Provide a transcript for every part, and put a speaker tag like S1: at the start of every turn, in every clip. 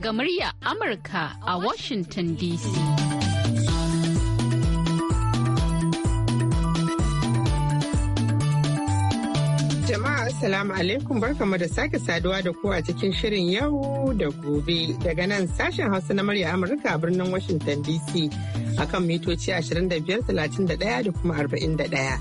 S1: daga murya
S2: Amurka a Washington DC.
S3: Jama'a Assalamu alaikum barkamu da sake saduwa da ku a cikin shirin yau da gobe daga nan sashen Hausa na murya Amurka a birnin Washington DC akan mitoci 25,31 da kuma 41.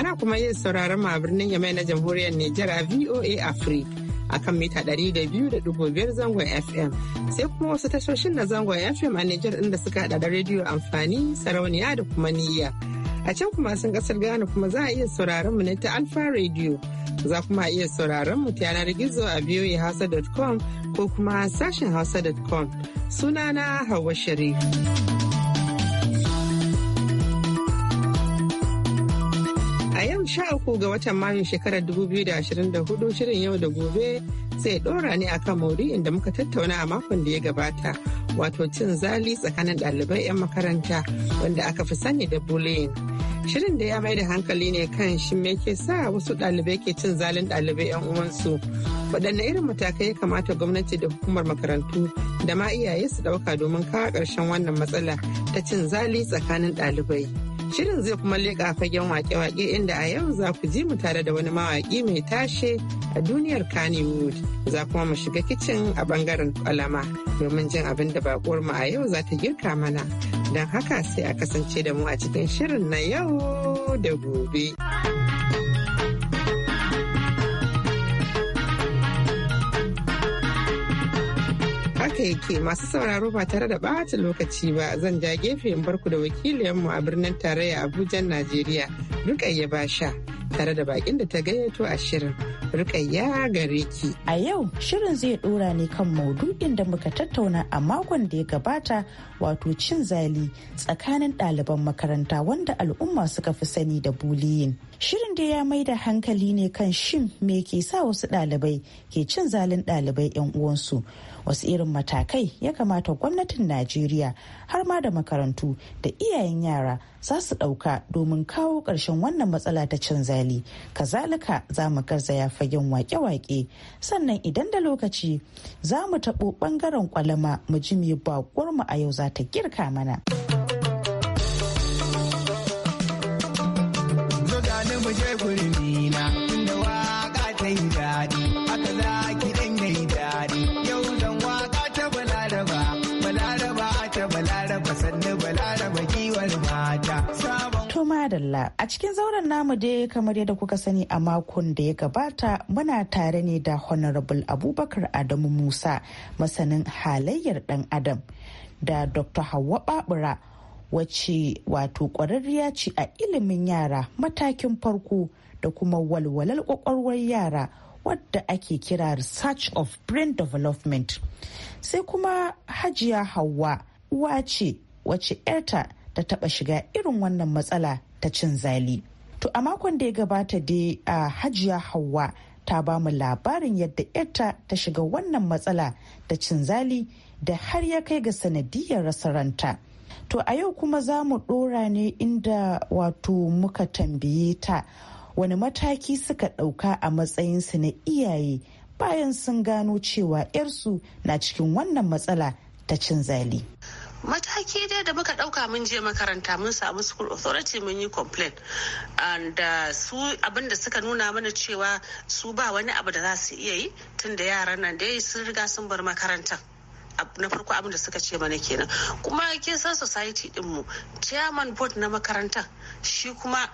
S3: Ana kuma yin sauraron ma birnin Yamai na Jamhuriyar Nijar a VOA Africa. akan mita 200.5 zangon FM sai kuma wasu tashoshin na zangon FM a Nijar inda suka hada da rediyo amfani sarauniya da kuma niyya. A can kuma sun kasar Ghana kuma za a iya sauraron mu ne ta Alfa Radio. Za kuma iya sauraron mu ta yanar gizo a hausa.com ko kuma sashen hausa.com. Sunana Hauwa Sharif. sha uku ga watan Mayu shekarar 2024 shirin yau da gobe zai dora ne akan maudu'in inda muka tattauna a makon da ya gabata wato cin zali tsakanin ɗalibai 'yan makaranta wanda aka fi sani da bullying. Shirin da ya mai da hankali ne kan shi me ke sa wasu ɗalibai ke cin zalin ɗalibai 'yan uwansu. Waɗanne irin matakai ya kamata gwamnati da hukumar makarantu da ma iyaye su ɗauka domin kawo ƙarshen wannan matsala ta cin zali tsakanin ɗalibai. Shirin zai kuma leƙa fagen wake-wake inda a yau za ku ji mu tare da wani mawaƙi mai tashe a duniyar Kannywood. Za kuma mu shiga kicin a bangaren kwalama domin jin abin da bakuwar mu a yau za ta girka mana. Don haka sai a kasance da mu a cikin shirin na yau da gobe. haka yake masu sauraro ba tare da ɓata lokaci ba zan ja gefe in barku da wakilinmu a birnin tarayya Abuja Najeriya Rukayya Basha tare da bakin da ta gayyato a shirin Rukayya gare ki. A yau shirin zai
S1: dora ne kan maudu'in da muka tattauna a makon da ya gabata wato cin zali tsakanin ɗaliban makaranta wanda al'umma suka fi sani da buliyin. Shirin da ya mai da hankali ne kan shin me ke sa wasu ɗalibai ke cin zalin ɗalibai 'yan uwansu. Wasu irin matakai ya kamata gwamnatin Najeriya har ma da makarantu da iyayen yara za su ɗauka domin kawo ƙarshen wannan matsala ta cin zali. Kazalika za mu garzaya fagen wake-wake. Sannan idan da lokaci za mu taɓo ɓangaren kwalama mu ji me baƙwarmu mu a yau za ta girka mana.
S4: cike gurbi na da waka ta yi daɗi haka za gidan ɗan yayi daɗi yau zan waka ta balaraba balaraba ta balaraba sannu balaraba kiwar mata
S1: To madalla a cikin zauren namu dai kamar yadda kuka sani a makon da ya gabata muna tare ne da Honorable Abubakar Adamu Musa masanin halayyar ɗan Adam da Dr. Hawwa Babura wacce wato ƙwararriya ce a ilimin yara matakin farko da kuma walwalar ƙwaƙwalwar yara wadda ake kira research of brain development sai kuma hajiya hawa uwa ce wacce 'yarta ta taɓa shiga irin wannan matsala ta cin zali to a makon da ya gabata dai a hajiya hawa ta ba mu labarin yadda 'yarta ta shiga wannan matsala ta cin zali da har ya kai ga sanadiyar rasa ranta To a yau kuma za mu ɗora ne inda wato muka tambaye ta wani mataki suka ɗauka a matsayinsu na iyaye bayan sun gano cewa 'yarsu na cikin wannan matsala ta cin zali. mataki dai da muka dauka mun je makaranta mun samu school authority mun yi complain and uh, su abin da suka nuna mana cewa su ba wani abu da za su iya yi tun da yaran nan dai sun riga sun bar makarantar na farko abin da suka ce mana kenan kuma kin san society dinmu chairman board na makarantar shi kuma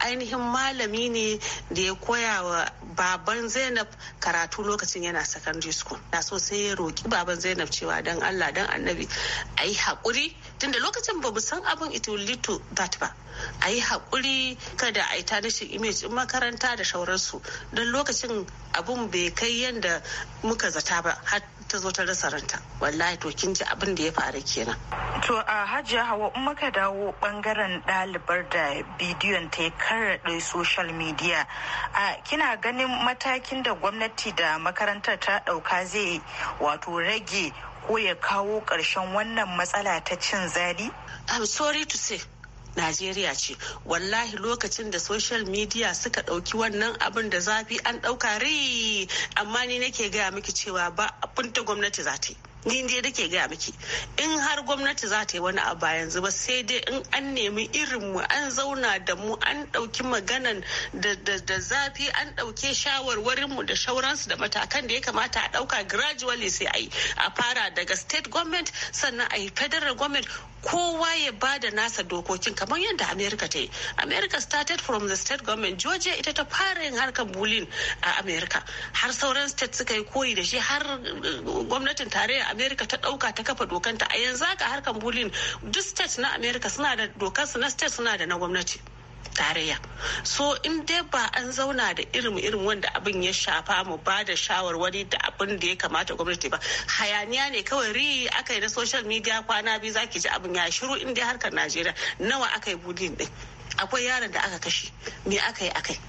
S1: ainihin malami ne da ya koya wa baban zainab karatu lokacin yana secondary school na so sai ya roki baban zainab cewa dan allah dan annabi a yi haƙuri tunda lokacin ba mu san abin it will that ba a yi haƙuri kada a yi tanishin image in makaranta da shauransu don lokacin abin bai kai yadda muka zata ba har ta zo ta rasa ranta wallahi to kin ji abin da ya faru kenan to a hajiya hawa in muka dawo bangaren ɗalibar da bidiyon ta ya karraɗe social media a kina ganin matakin da gwamnati da makarantar ta ɗauka zai wato rage ko ya kawo ƙarshen wannan matsala ta cin zali? I'm sorry to say najeriya ce wallahi lokacin da social media suka ɗauki wannan abin da zafi an ɗauka ri amma ni nake gaya miki cewa ba abin da gwamnati za ta yi ni dai da ke gaya miki in har gwamnati za ta yi wani abu yanzu ba sai dai in an nemi irin mu an zauna da mu an ɗauki maganan da zafi an ɗauke shawarwarin mu da shauransu da matakan da ya kamata a ɗauka gradually sai a yi a fara daga state government sannan a yi federal government kowa ya ba da nasa dokokin kamar yadda america ta yi america started from the state government georgia ita ta fara yin harkar bulin a america har sauran state suka yi koyi da shi har eh, gwamnatin tarayya america ta dauka ta kafa dokanta a yanzu haka harkan bullying duk state na amerika suna da dokar na state suna da na gwamnati tarayya so in dai ba an zauna da irin irin wanda abin ya shafa mu ba da shawarwari da abin da ya kamata gwamnati ba hayaniya ne kawai ri aka yi na social media kwana biyu zaki ji abin ya shiru in dai harkar najeriya nawa aka yi bullying din akwai yaron da aka kashe me aka yi yi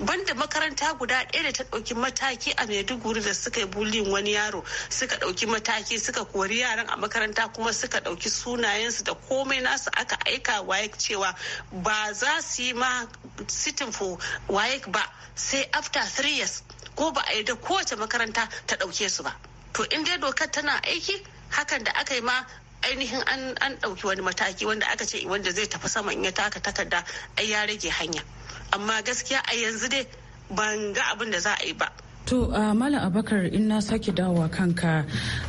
S1: banda makaranta guda ɗaya da ta ɗauki mataki a maiduguri da suka yi bullying wani yaro suka ɗauki mataki suka kori yaran a makaranta kuma suka ɗauki sunayensu da komai nasu aka aika waye cewa ba za su yi ma sitting for waye ba sai after three years ko ba a yi da kowace makaranta ta ɗauke su ba to in dai dokar tana aiki hakan da aka yi ma ainihin an ɗauki wani mataki wanda aka ce wanda zai tafi saman in ya taka takarda ai ya rage hanya amma gaskiya a yanzu dai ban ga abin da za a yi ba To uh, Malam Abakar in na sake dawowa kanka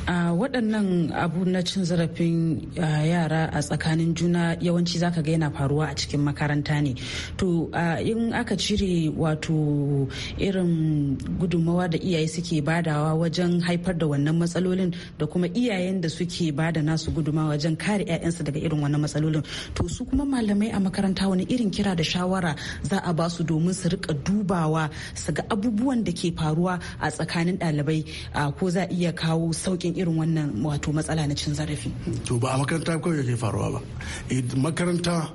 S1: uh, waɗannan abu na cin zarafin uh, yara a tsakanin juna yawanci zaka ga yana faruwa a cikin makaranta ne. To uh, in aka cire wato irin gudunmawa da iyaye suke badawa wajen haifar da wannan matsalolin da kuma iyayen da suke bada nasu guduma wajen kare 'ya'yansu daga irin wannan matsalolin. To su kuma malamai a makaranta wani irin kira da shawara za a ba su domin su rika dubawa su ga abubuwan da ke faruwa faruwa a tsakanin dalibai ko za iya kawo saukin irin wannan wato matsala na cin zarafi.
S5: To ba a makaranta kawai yake faruwa ba. Eh, makaranta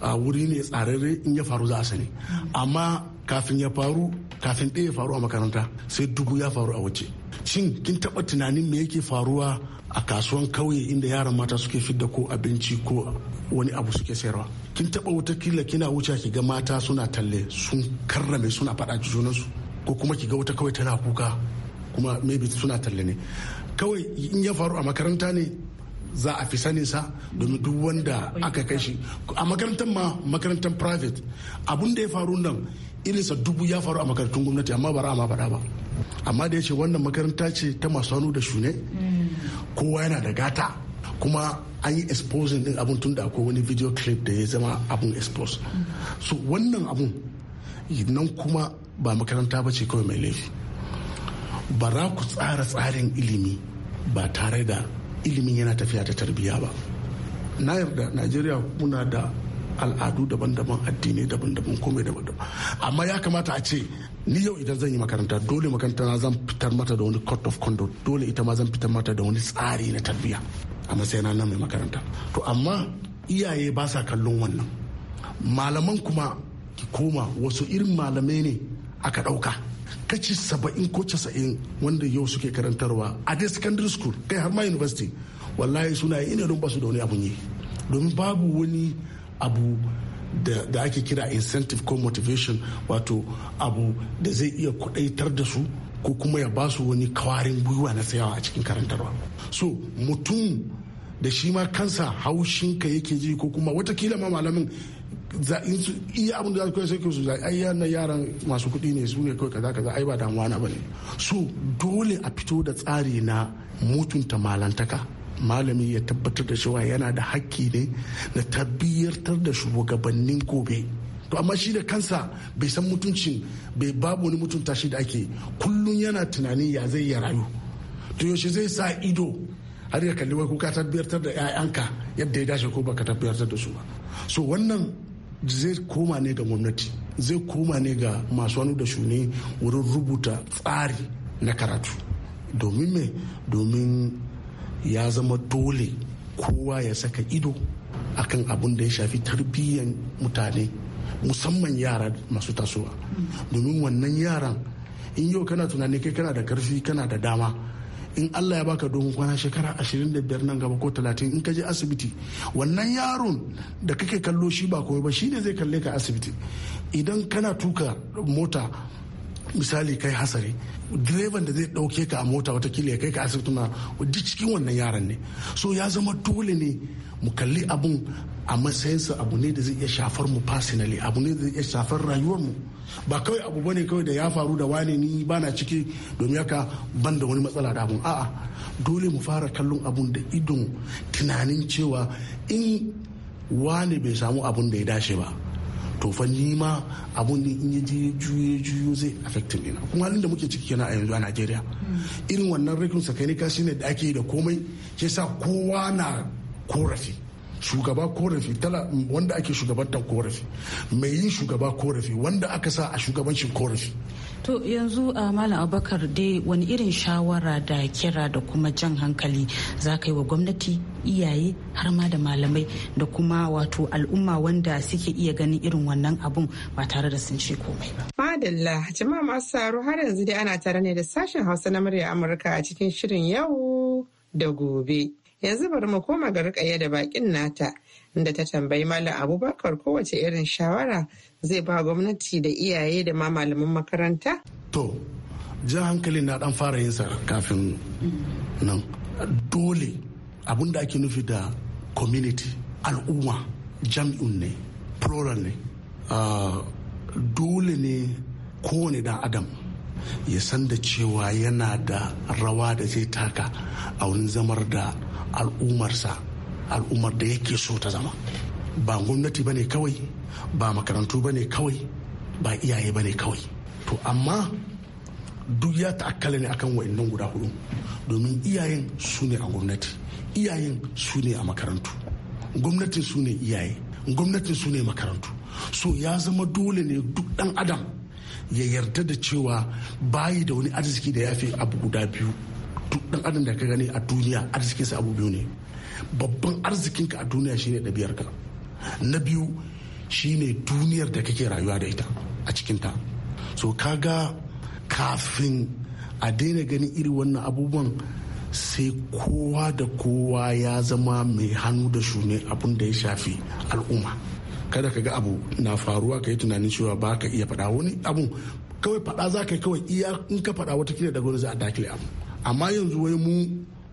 S5: a wuri ne tsararre in ya faru za a sani. Amma kafin ya faru kafin ɗaya ya faru a makaranta sai dubu ya faru a waje. Shin kin taɓa tunanin me yake faruwa a kasuwan kauye inda yaran mata suke fidda ko abinci ko wani abu suke sayarwa kin taba wata kila kina wuce ki ga mata suna talle sun karrame suna faɗa junansu ko kuma ki ga wata kawai tana kuka kuma maybe suna talle ne kawai in ya faru a makaranta ne za a fi sanin sa domin duk wanda aka kai shi a makarantar ma makarantar private abun da ya faru nan irinsa dubu ya faru a makarantun gwamnati amma ba ma faɗa ba amma da ya ce wannan makaranta ce ta masu hannu da shune kowa yana da gata kuma an yi exposing din abun tun da akwai wani video clip da ya zama abun expose so wannan abun nan kuma ba makaranta ba ce kawai mai laifi ba za ku tsara tsarin ilimi ba tare da ilimin yana tafiya ta tarbiyya ba na yarda najeriya muna da al'adu daban-daban addinai daban-daban komai daban-daban amma ya kamata a ce ni yau idan zan yi makaranta dole makaranta na zan fitar mata da wani court of conduct dole ita ma zan fitar mata da wani tsari na tarbiyya a matsayin na mai makaranta to amma iyaye ba sa kallon wannan malaman kuma ki koma wasu irin malamai ne aka ɗauka kaci saba'in ko casa'in wanda yau suke karantarwa a dai secondary school kai har ma university wallahi suna yi ina don basu da wani abun yi domin babu wani abu da ake kira incentive ko motivation wato abu da zai iya kudaitar da su ko kuma ya ba su wani kawarin gwiwa na tsayawa a cikin karantarwa so mutum da shi ma kansa haushinka yake ji ko kuma watakila ma malamin iya abin da za su kai su zai ai yana yaran masu kuɗi ne su ne kawai kaza kaza ai ba damuwa na bane so dole a fito da tsari na mutunta malantaka malami ya tabbatar da cewa yana da hakki ne na tabbiyartar da shugabannin gobe to amma shi da kansa bai san mutuncin bai babu wani mutunta shi da ake kullun yana tunanin ya zai ya rayu to yaushe zai sa ido har ya kalli wai kuka tabbiyartar da 'ya'yanka yadda ya dace ko baka tabbiyartar da su ba so wannan zai koma ne ga gwamnati zai koma ne ga masu wani da shuni wurin rubuta tsari na karatu domin me domin ya zama dole kowa ya saka ido akan abin da ya shafi tarbiyyar mutane musamman yara masu tasowa domin wannan yaran in yau kana tunani kai kana da karfi kana da dama in allah ya baka dogon kwana shekara 25 nan gaba ko 30 in ka je asibiti wannan yaron da kake kallo shi ba koyo ba shine zai kalle ka asibiti idan kana tuka mota misali kai hasari direban da zai dauke ka a mota watakila ya kai ka asibiti ma duk cikin wannan yaron ne so ya zama dole ne mu kalli abun a matsayinsa abu ne da zai iya shafar mu personally abu ne da zai iya shafar rayuwar mu ba kawai abu bane kawai da ya faru da wane ni bana ciki domin haka ban da wani matsala da abun a'a dole mu fara kallon abun da idon tunanin cewa in wane bai samu abun da ya dace ba to fa ni ma abun ne in ya juye juyo zai affecting ina kuma halin da muke ciki kenan a yanzu a Najeriya hmm. irin wannan rikin sakainika shine da ake da komai shi sa kowa na korafi shugaba korafi wanda ake shugabantar korafi mai yin shugaba korafi wanda aka sa a shugabancin korafi
S1: to yanzu a uh, malam abakar dai wani irin shawara da kira da kuma jan hankali za ka yi wa gwamnati iyaye har ma da malamai da kuma wato al'umma wanda suke iya ganin irin
S3: wannan abun ba tare da sun ce komai ba. Madalla jama'a masu saro har yanzu dai ana tare ne da sashen hausa na murya Amurka a cikin shirin yau da gobe. yanzu bari mu koma ga rikaya da bakin nata inda ta tambayi malam abubakar kowace irin shawara zai ba gwamnati da iyaye da ma malaman makaranta to
S5: jan hankali na dan fara yinsa kafin nan dole abinda ake nufi da community al'umma jam'in ne plural ne ah, dole ne kowane dan adam ya san da cewa yana da rawa da zai taka a wurin zamar da al'umarsa al'ummar da yake so ta zama ba gwamnati ba ne kawai ba makarantu ba ne kawai ba iyaye ba ne kawai to amma duk ya ta'akkala ne akan wa'annan guda hudu domin iyayen su ne a gwamnati iyayen su ne a makarantu gwamnatin su ne iyaye gwamnatin su ne makarantu so ya zama dole ne duk dan adam ya yarda da cewa bayi da wani arziki da ya fi abu guda biyu duk dan adam da ka gani a duniya arzikinsa abu biyu ne babban arzikinka a duniya shine ɗabi'ar ka na biyu shine duniyar da kake rayuwa da ita a cikin ta so kaga kafin a daina ganin irin wannan abubuwan sai kowa da kowa ya zama mai hannu da shune abun da ya shafi al'umma kada ka ga abu na faruwa ka yi tunanin cewa ba ka iya faɗa wani abu kawai faɗa za ka kawai iya in ka faɗa wata kila daga wani za a dakile abu amma yanzu wai mu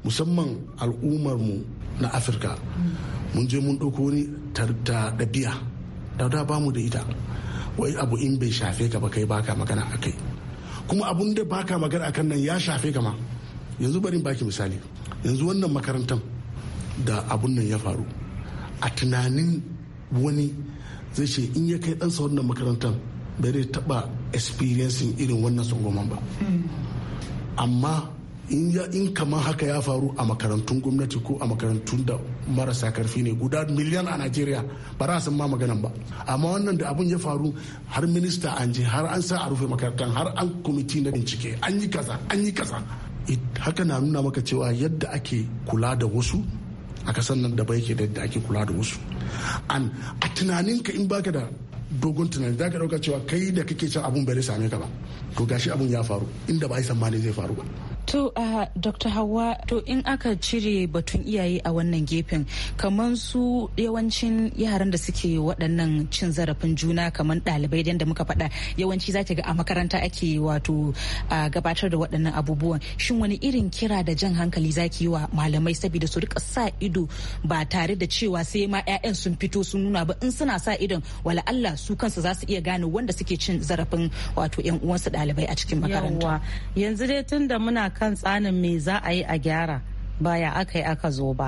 S5: musamman al'ummar mu na afirka mun je mun ɗauko wani ta ɗabi'a da da ba mu da ita wai abu in bai shafe ka ba kai baka magana a kai kuma abun da baka magana a kan nan ya shafe ka ma yanzu bari baki misali yanzu wannan makarantar da abun nan ya faru a tunanin wani zai ce in ya kai ɗansa wannan makarantar bai zai taɓa experiencing irin wannan tsangwaman ba amma in kamar haka ya faru a makarantun gwamnati ko a makarantun da marasa karfi ne guda miliyan a najeriya ba za san ma maganan ba amma wannan da abun ya faru har minista an je har an sa a rufe makarantar har an kwamiti na bincike an yi kaza an yi kaza haka na nuna maka cewa yadda ake kula da wasu a kasan nan da bai ke da ake kula da wasu an a tunaninka in baka da dogon tunani zaka ka dauka cewa kai da kake cin abun bai same ka ba to gashi abun ya faru inda ba a yi zai faru ba
S1: To, uh, Dr. Hawa, to in aka cire batun iyaye a wannan gefen, kamar su yawancin yaran da suke waɗannan cin zarafin juna kamar ɗalibai da muka faɗa yawanci za ga a makaranta ake wato uh, gabatar da waɗannan abubuwan. Shin wani irin kira da jan hankali za ki yi wa malamai saboda su rika sa ido ba tare da cewa sai ma 'ya'yan sun fito sun nuna ba in suna sa idon wala Allah su kansu za su iya gane wanda suke cin zarafin wato 'yan uwansu ɗalibai a cikin makaranta. Yanzu dai tun da muna kan tsanin me za a yi a gyara ba ya aka yi aka zo ba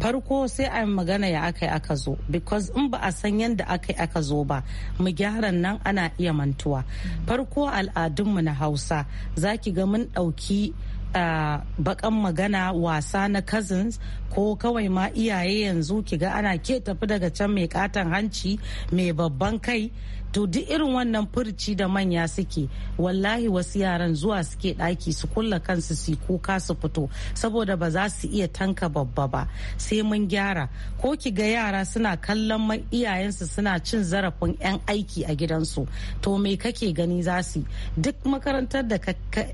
S1: farko sai a magana ya aka yi aka zo because in ba a san yadda aka yi aka zo ba mu gyaran nan ana iya mantuwa farko al'adunmu na hausa za ki ga mun ɗauki bakan magana wasa na cousins ko kawai ma iyaye yanzu ki ga ana ke tafi daga can mai katon hanci mai babban kai to duk irin wannan furci da manya suke wallahi wasu yaran zuwa suke daki su kulla kansu su kuka su fito saboda ba za su iya tanka babba ba sai mun gyara ko ki ga yara suna kallon iyayensu suna cin zarafin 'yan aiki a gidansu to me kake gani za su duk makarantar da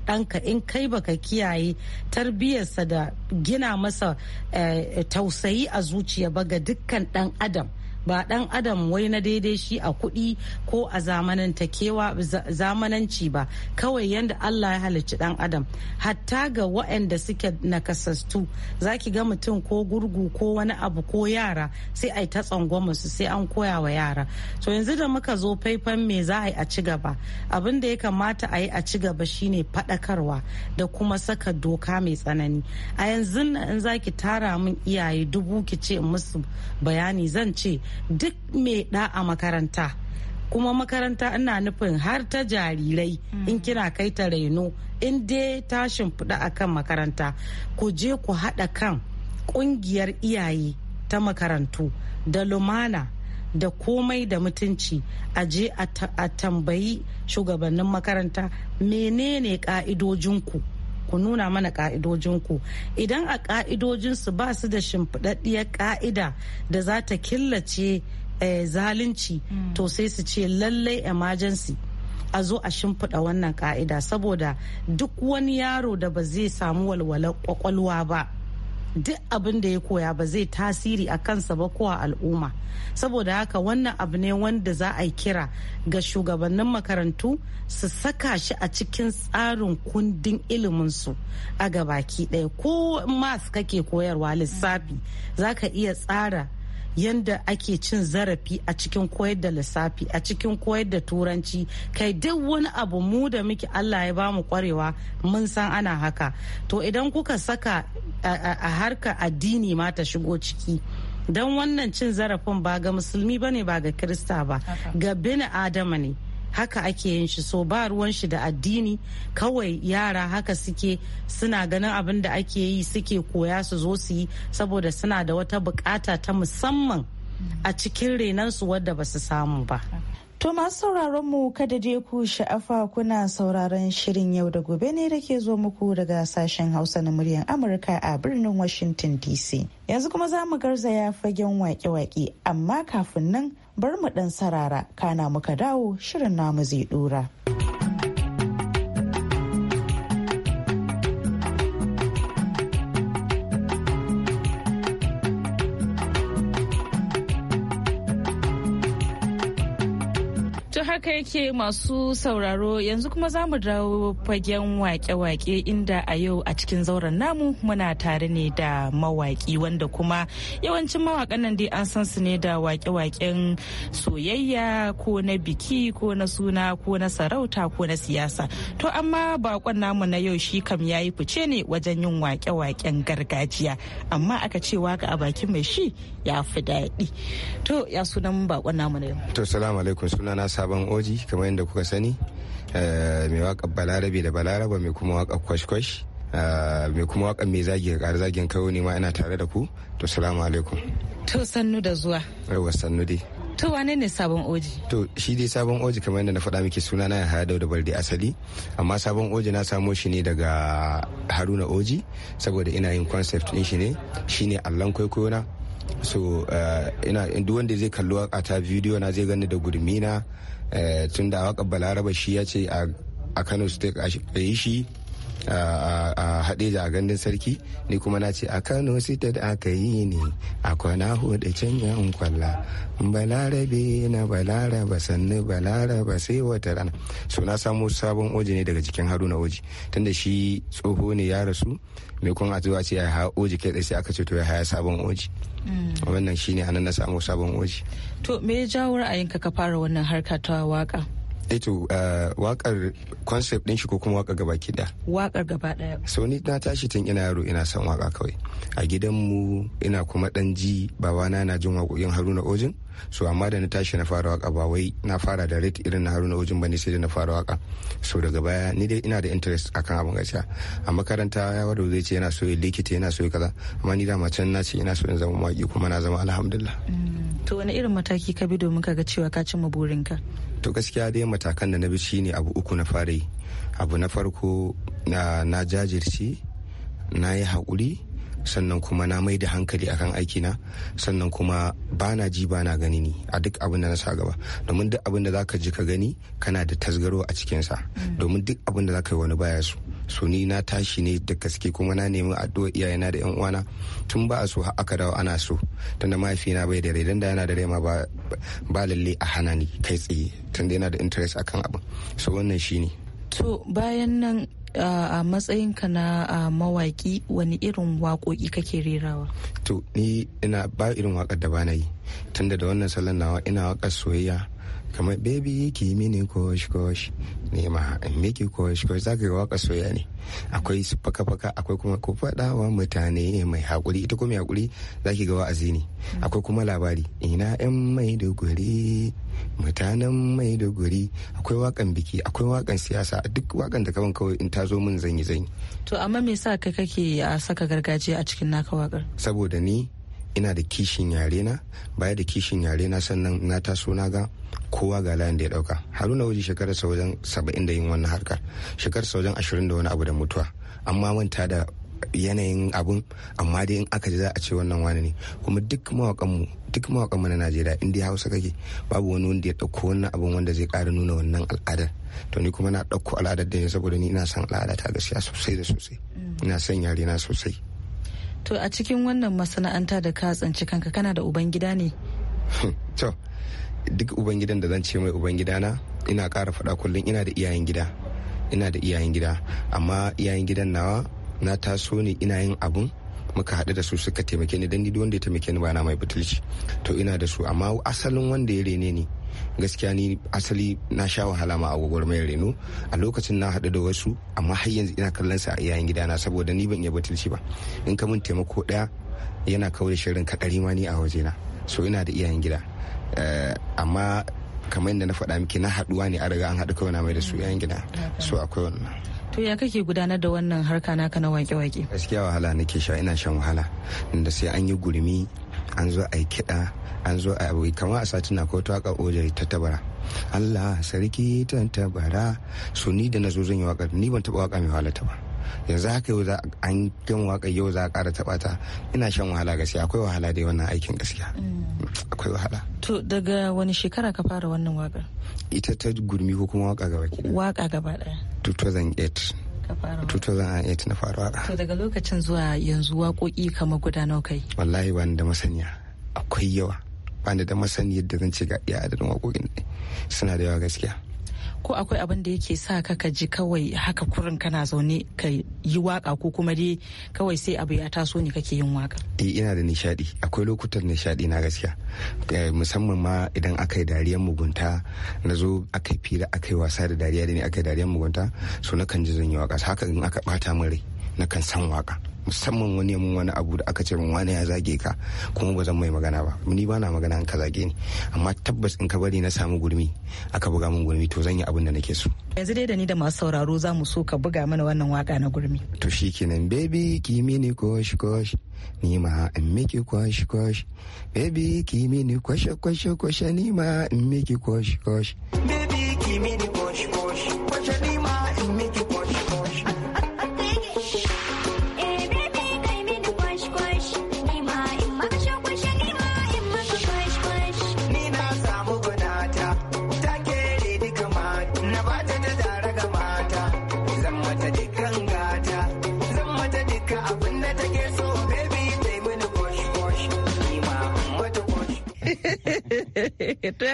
S1: ɗanka in kai baka kiyaye tarbiyyarsa da gina masa eh, tausayi a zuciya ba ga dukkan ɗan adam ba dan adam wai na daidai shi a kuɗi ko a zamanantakewa zamananci ba kawai yadda allah ya halicci dan adam hatta ga waɗanda suke nakasassu za ki ga mutum ko gurgu ko wani abu ko yara sai a yi ta su sai an koya wa yara to yanzu da muka zo faifan me za a yi a ci gaba abin da ya kamata a yi a ci gaba shine faɗakarwa da kuma saka doka mai tsanani a yanzu in za ki tara min iyaye dubu ki ce musu bayani zan ce duk mai da a makaranta kuma makaranta ina nufin har ta jarirai in mm. kina kai ta reno in dai tashin shimfiɗa a kan makaranta ku je ku haɗa kan ƙungiyar iyaye ta makarantu da lumana da komai da mutunci a je a tambayi shugabannin makaranta menene ka'idojinku. ku nuna mana ka'idojinku idan a ka'idojinsu ba su da shimfiɗaɗɗiyar ka'ida da za ta killace eh, zalunci hmm. to sai su ce lallai emergency a zo a shimfiɗa wannan ka'ida saboda duk wani yaro da ba zai samu walwalar kwakwalwa ba. duk abin da ya koya ba zai tasiri a kansa ba ko a al'umma saboda haka wannan abu ne wanda za a kira ga shugabannin makarantu su saka shi a cikin tsarin kundin iliminsu a gabaki ɗaya ko mas kake koyarwa lissafi za ka iya tsara Yadda ake cin zarafi a cikin koyar da lissafi a cikin koyar da turanci kai duk wani abu mu da muke allah ya bamu kwarewa mun san ana haka to idan kuka saka a harka addini ma ta shigo ciki don wannan cin zarafin ba ga musulmi ba ne ba ga kirista ba ga bin adama ne haka ake yin shi so ba ruwan shi da addini kawai yara haka suke suna ganin abin da ake yi suke koya su zo su yi saboda suna da wata bukata ta musamman a cikin renansu wadda ba su samu ba To masu sauraron mu kada je ku sha'afa kuna sauraron shirin yau da gobe ne da ke zo muku daga sashen Hausa na muryar Amurka a birnin Washington DC. Yanzu kuma za mu garzaya fagen waƙe-waƙe amma kafin nan bar mu ɗan sarara kana muka dawo shirin namu zai ɗora. haka yake masu sauraro yanzu kuma za mu dawo fagen wake-wake inda a yau a cikin zauren namu muna tare ne da mawaki wanda kuma yawancin mawakan nan dai an san su ne da wake-waken soyayya ko na biki ko na suna ko na sarauta ko na siyasa to amma bakon namu na yau shi kam ya yi fice ne wajen yin wake-waken gargajiya amma aka ce waka a bakin mai shi ya fi daɗi to ya sunan bakon namu na yau
S6: to salamu alaikum sunana sabon oji kamar yadda kuka sani eh, mai waka balarabe da balaraba mai kuma kwash kwashkwash eh, mai kuma waka mai zagi ga zagin kawo ne ma ina tare da ku to salamu alaikum
S1: to sannu da zuwa
S6: yawa sannu dai
S1: To wane ne sabon oji?
S6: To shi dai sabon oji kamar yadda na faɗa miki suna na Yahaya Dauda Balde asali amma sabon oji na samo shi ne daga Haruna Oji saboda ina yin concept din shi ne shine allon kwaikwayo na so eh, ina duk wanda zai kalli waka ta bidiyo na zai gani da gurmina Eh, tun da waka balaraba shi ya ce a kano state a yi shi a haɗe a gandun sarki ni kuma na ce a kano da aka yi ne a kwana hudu can yan kwalla balarabe na balaraba sannu balaraba sai wata rana so na samo sabon oji ne daga cikin haruna oji tunda shi tsoho ne ya rasu mai kun a ce ya haya oji kai sai aka ce to ya haya sabon oji mm. wannan shine anan na samo sabon oji
S1: to me ya jawo ra'ayinka ka fara wannan harka ta waka
S6: eto eh eh, wakar concept din shi ko kuma wakar gaba daya
S1: wakar gaba daya
S6: so ni na tashi tun ina yaro ina son waka kawai a gidanmu ina kuma ɗan ji babana na jin waƙoƙin haruna ojin so amma da na tashi na fara waka ba wai na fara da rate irin na haruna wajen bane sai da na fara waka so daga baya ni dai ina da interest akan abin gaskiya a makaranta ya wadda zai ce yana so ya likita yana so ya kaza amma ni dama can na ce ina so in zama mawaki kuma na zama alhamdulillah
S1: mm. to wani irin mataki ka bi domin ka ga cewa ka cimma burinka
S6: to gaskiya dai matakan da na bi shine abu uku na fara yi abu na farko na jajirci na yi hakuri. sannan kuma na mai da hankali akan aiki na sannan kuma ba na ji ba na gani ni a duk abin da na sa gaba domin duk abin da za ka ji ka gani kana da tasgaro a cikinsa mm. domin duk abin da za ka yi wani baya su so ni na tashi ne da gaske kuma na nemi addu'a iyayena da yan uwana tun ba a so har aka dawo ana so tunda mahaifina bai da rai dan da yana da rai ma ba lalle a hana ni kai tsaye tunda yana da interest akan abin so wannan shine
S1: to bayan nan a matsayinka na mawaki wani irin waƙoƙi kake rerawa to ni
S6: ina ba irin waƙar da ba yi tunda da wannan salon nawa ina waƙar soyayya kamar yake yi mini kosh kosh ne ma in ke kosh kosh zaka yi waka soya ne akwai su faka faka akwai kuma ko faɗa wa mutane mai hakuri ita kuma mai hakuri zaki ga wa'azi ne akwai kuma labari ina yan mai da gwari. mutanen mai da maiduguri akwai wakan biki akwai wakan siyasa duk wakan da kawai kawai in ta zo min zanyi zanyi
S1: to amma me yasa kai kake a saka gargajiya a cikin naka wakar
S6: saboda ni ina da kishin yare na baya da kishin yare na sannan na taso na ga kowa ga layin da ya dauka haruna waje shekarar sa wajen saba'in da yin wannan harkar shekarar sa wajen ashirin da wani abu da mutuwa amma manta da yanayin abun amma dai in aka ji za a ce wannan wani ne kuma duk mawakanmu duk mawakanmu na najeriya in dai hausa kake babu wani wanda ya ɗauko wannan abun wanda zai kara nuna wannan al'adar to ni kuma na dauko al'adar da ne saboda ni ina son al'ada ta gaskiya sosai da sosai mm. ina son yare na sosai
S1: to a cikin wannan masana'anta da ka tsanci kanka kana da ubangida ne
S6: to duk ubangidan da zan ce mai ubangidana na ina kara faɗa kullum ina da iyayen gida ina da iyayen gida amma iyayen gidan nawa na taso ne ina yin abun muka haɗu da su suka taimake ni dan ni wanda ya taimake ni bana mai butulci to ina da su amma asalin wanda ya rene ni gaskiya ni asali na sha wahala ma agogwar mai reno a lokacin na haɗu da wasu amma har yanzu ina kallon sa a iyayen gidana saboda ni ban iya butulci ba in ka mun taimako ɗaya yana kawai shirin ka ma ni a wajena so ina da iyayen gida eh, amma kamar yadda na faɗa miki na haɗuwa ne a riga an haɗu kawai na mai da su iyayen gida so akwai wannan
S1: to ya kake gudanar da wannan harka naka na wake-wake
S6: gaskiya wahala nake sha ina shan wahala inda sai an yi gurmi an zo a yi kiɗa an zo a yi kamar a satina ko ta ojai ta tabara allah sarki ta tabara ni da na zo zan yi waƙar ni ban taɓa waƙa mai wahala ta ba yanzu haka yau za an gan waka yau za a ƙara taɓa ta ina shan wahala gaskiya akwai wahala da wannan aikin gaskiya mm. akwai wahala
S1: to daga wani shekara ka fara wannan waka
S6: ita ta gurmi ko kuma waka gaba
S1: waka gaba ɗaya
S6: 2008 2008 na fara waka
S1: to daga lokacin zuwa yanzu waƙoƙi kamar guda nawa kai
S6: wallahi ba da masaniya akwai yawa bani da masani yadda zan ce ga iya adadin waƙoƙin suna da yawa gaskiya
S1: ko akwai abin da yake sa ka ji kawai haka kurin kana zaune ka yi waka ko kuma dai kawai sai abu ya taso ne kake yin waka
S6: eh ina da nishadi akwai lokutan nishadi na gaskiya eh, musamman ma idan aka yi dariyar mugunta na zo aka yi fira aka wasa da dariya da ne aka yi dariyar mugunta so na kan ji zan yi waka haka in aka bata mun rai na kan san waka musamman wani mun wani abu da aka ce min wani ya zage ka kuma ba zan mai magana ba ni ba na magana an ka zage ni amma tabbas in ka bari na samu gurmi aka buga min gurmi to zan yi abin da nake so
S1: yanzu dai da ni da masu sauraro za mu so ka buga mana wannan waka na gurmi
S6: to shikenan baby ki mini kosh kosh ni ma in miki kosh kosh baby ki mini kosh kosh kosh ni ma in miki kosh kosh
S4: baby ki mini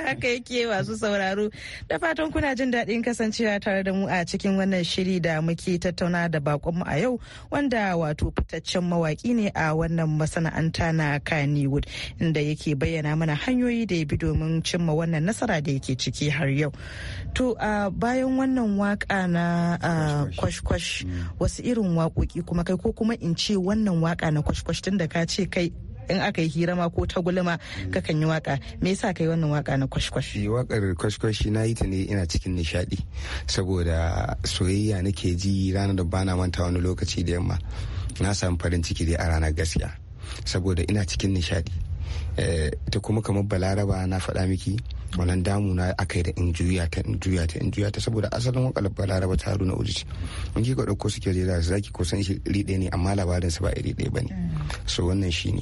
S1: haka yake masu sauraro da fatan kuna jin daɗin kasancewa tare da mu a cikin wannan shiri da muke tattauna da bakonmu a yau wanda wato fitaccen mawaki ne a wannan masana'anta na Kannywood inda yake bayyana mana hanyoyi da ya bi domin cimma wannan nasara da yake ciki har yau. To bayan wannan waka na kwashkwash mm. wasu irin waƙoƙi kuma kai ko kuma in ce wannan waka na kwashkwash tun da ka ce kai in aka yi hirama ko ta gulma mm. kakan yi waka me yasa kai wannan waka na kwashkwashi wakar kwashkwashi na
S6: yi ta ne ina cikin nishadi saboda soyayya nake ji ranar da bana manta wani lokaci da yamma na samu farin ciki dai a ranar gaskiya saboda ina cikin nishadi eh, ta kuma kamar balaraba na faɗa miki wannan damuna aka yi da in juya ta in juya ta in juya ta saboda asalin wakar balaraba ta haruna ujici in kika ɗauko suke zai za ki kusan shi iri ɗaya ne amma labarinsa ba iri ɗaya ba ne mm. so wannan shi ne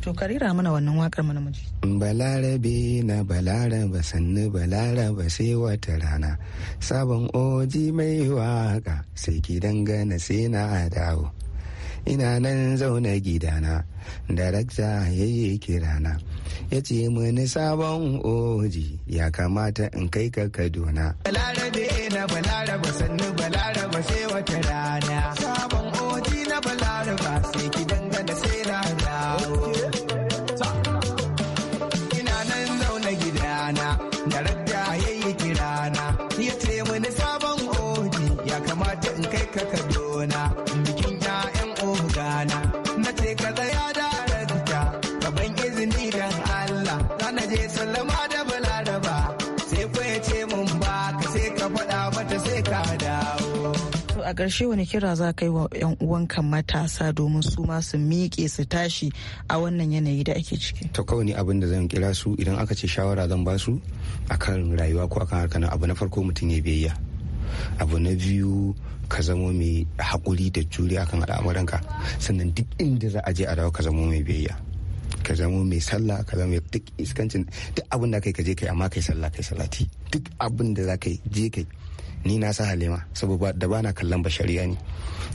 S1: to karira mana wannan wakar mana muji
S6: balarabe na balaraba sannu balaraba sai wata rana sabon oji mai waka sai ki dangana sai na dawo ina nan zaune gidana darakta ya yi kirana ya ce mini sabon oji ya kamata in kai ka kaduna
S4: balarabe na balaraba sannu balaraba sai wata rana
S1: ƙarshe wani kira za ka yi wa 'yan uwanka matasa domin su ma su miƙe su tashi a wannan yanayi da ake ciki
S6: to kawai abin da zan kira su idan aka ce shawara zan ba su akan rayuwa ko akan harkar abu na farko mutum ya biyayya abu na biyu ka zamo mai haƙuri da juriya kan al'amuranka sannan duk inda za a je a dawo ka zamo mai biyayya ka zamo mai sallah ka zamo duk iskancin duk abin da kai ka je kai amma kai sallah kai salati duk abin da za ka je kai ni na sa halima saboda da bana kallon bashari'a ne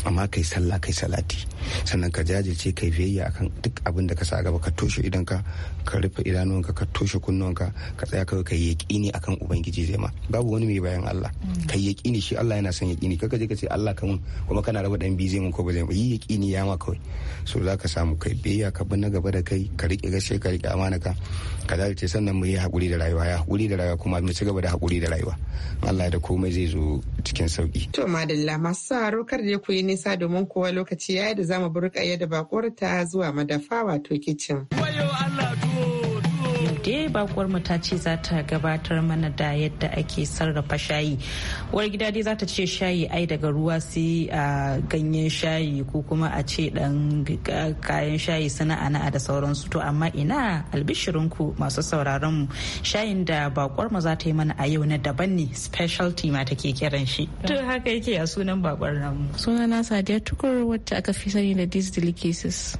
S6: amma kai sallah kai salati sannan ka jajirce kai biyayya akan duk abin da ka sa gaba ka toshe idan ka ka rufe idanuwanka ka toshe kunnuwanka ka tsaya kawai ka yaƙini akan ubangiji zai ma babu wani mai bayan Allah mm. ka yaƙini shi Allah yana son yaƙini kaka je ka ce Allah ka kuma kana raba dan bi zai mun ko ba zai ba yi yaƙini ya ma kawai so za samu kai biyayya ka bi na gaba da kai ka rike gaske ka riƙe amana ka kaza ce sannan mu yi hakuri da rayuwa ya hakuri da rayuwa kuma mu ci gaba da hakuri da rayuwa Allah da komai zai zo cikin sauki
S3: to madalla masu saro kar da ku yi nisa domin kowa lokaci yayi da zamu burka yadda bakorta zuwa madafa wato kicin Allah
S1: dai bakuwar mu ta ce za ta gabatar mana da yadda ake sarrafa shayi uwar gida dai za ta ce shayi ai daga ruwa sai a ganyen shayi ko kuma a ce dan kayan shayi suna ana da sauransu to amma ina ku masu sauraron mu shayin da bakwar mu za ta yi mana a yau na daban ne specialty ma take kiran shi to haka yake a sunan bakwar namu sunana sadiya tukur wacce aka fi sani da these delicacies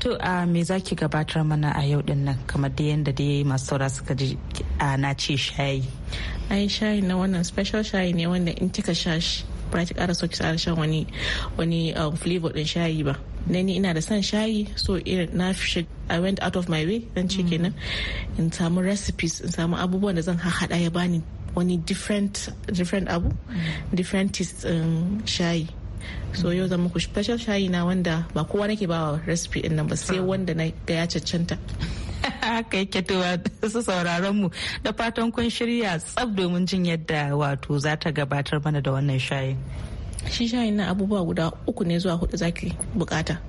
S1: to a me ki gabatar mana a yau din nan kamar da yadda dai masu saura suka ji a na ce shayi
S2: ai shayi na wannan special shayi ne wanda in kika sha shi ba ki ƙara so ki shan wani wani um, flavor din shayi ba na ni ina da son shayi so na fi I went out of my way dan ce mm. kenan in samu recipes in samu abubuwan da zan haɗa ya bani wani different abu mm. different taste um, shayi so yau zan muku special shayi na wanda ba kowa nake ba recipe din nan ba sai wanda na ga ya cancanta
S1: haka yake su sauraron mu da fatan kun shirya tsab domin jin yadda wato za ta gabatar mana da wannan shayin
S2: shi shayin na abubuwa guda uku ne zuwa hudu zaki bukata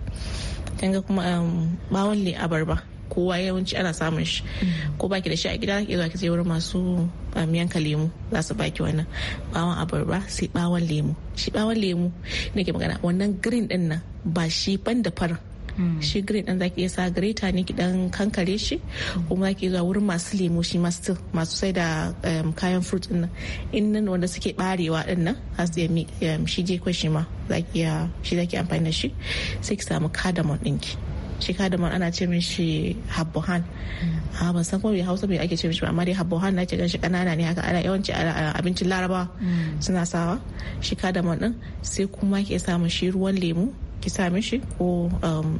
S2: kanga kuma um, bawon le abarba kowa yawanci ana samun shi mm. ko baki da shi a gida ki zuwa ki je wurin masu ah, yanka lemu za su baki wannan bawan abarba sai bawan lemu shi bawan lemu ne ke magana wannan green din nan ba shi ban da fara mm. shi green din zaki iya sa greta ne ki dan kankare shi kuma zaki zuwa wurin masu lemu shi masu masu sai da um, kayan fruit din nan in nan wanda suke barewa din nan har su um, shi je kwashi ma zaki ya shi zaki amfani da shi sai ki samu cardamom dinki. ki shi man ana ce min shi habbohan mm. a ah, ban san ko hausa mai ake ce mishi amma dai habbohan na ke gan shi kanana ne haka ana yawanci abincin laraba mm. suna sawa shi man din sai kuma ke samun shi ruwan lemu ki sa mishi ko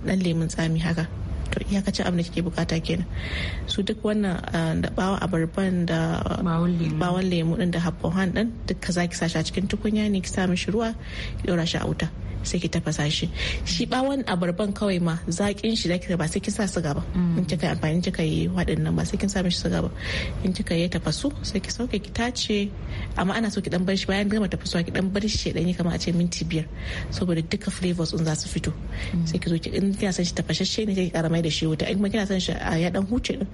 S2: dan um, lemun tsami haka to iyakacin abin da kike bukata kenan su duk wannan ah, da bawa abarban da bawon lemu din da habbon han din ka zaki sasha a cikin tukunya ne ki sa mishi ruwa ki dora shi a wuta sai ki tafasa shi shi bawon abarban kawai ma zakin shi zaki ba sai kin sa suga ba mm. in kika amfani kika yi waɗannan ba sai kin sa mishi suga ba in kika yi tafasu sai ki sauke ki tace amma ana so ki dan bar shi bayan gama tafasuwa ki dan bar shi dan yi kamar a ce minti biyar saboda duka flavors din za su fito mm. sai ki zo ki in kina son shi tafashashe ne sai ki kara mai da shi wuta in kuma kina son shi a ya dan huce din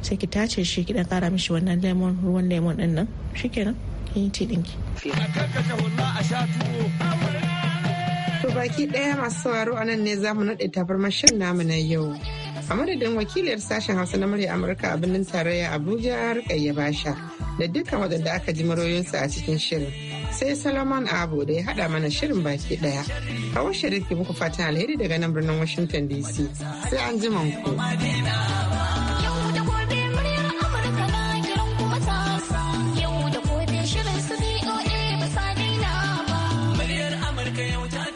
S2: sai ki tace shi ki dan kara mishi wannan lemon ruwan lemon din nan
S3: shikenan yin yi din ki to baki daya masu sauraro a nan ne zamu nade tabarmar shan namu na yau a madadin wakiliyar sashen hausa na murya amurka a birnin tarayya abuja rikayya basha da dukkan waɗanda aka ji marayoyinsu a cikin shirin sai Solomon Abu da ya haɗa mana shirin baki ɗaya. A washe ke muku fatan alheri daga nan birnin Washington DC. Sai an ji ku.